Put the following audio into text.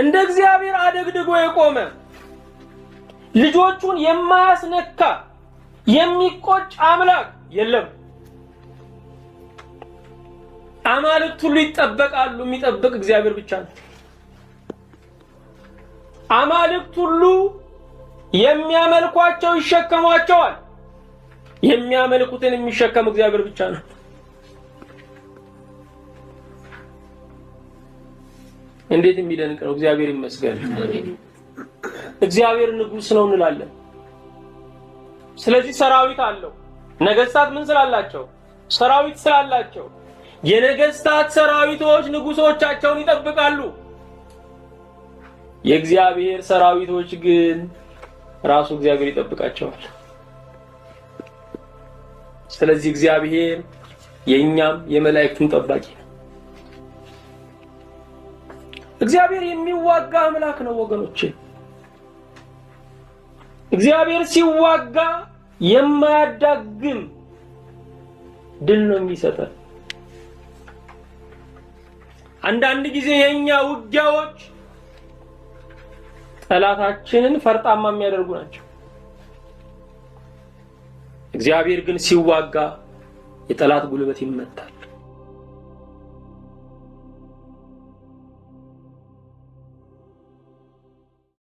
እንደ እግዚአብሔር አደግድጎ የቆመ ልጆቹን የማያስነካ የሚቆጭ አምላክ የለም። አማልክት ሁሉ ይጠበቃሉ፣ የሚጠብቅ እግዚአብሔር ብቻ ነው። አማልክት ሁሉ የሚያመልኳቸው ይሸከሟቸዋል፣ የሚያመልኩትን የሚሸከም እግዚአብሔር ብቻ ነው። እንዴት የሚደንቅ ነው! እግዚአብሔር ይመስገን። እግዚአብሔር ንጉስ ነው እንላለን። ስለዚህ ሰራዊት አለው። ነገስታት ምን ስላላቸው? ሰራዊት ስላላቸው። የነገስታት ሰራዊቶች ንጉሶቻቸውን ይጠብቃሉ። የእግዚአብሔር ሰራዊቶች ግን ራሱ እግዚአብሔር ይጠብቃቸዋል። ስለዚህ እግዚአብሔር የእኛም የመላእክቱን ጠባቂ ነው? እግዚአብሔር የሚዋጋ አምላክ ነው ወገኖቼ። እግዚአብሔር ሲዋጋ የማያዳግም ድል ነው የሚሰጠን። አንዳንድ ጊዜ የኛ ውጊያዎች ጠላታችንን ፈርጣማ የሚያደርጉ ናቸው። እግዚአብሔር ግን ሲዋጋ የጠላት ጉልበት ይመታል።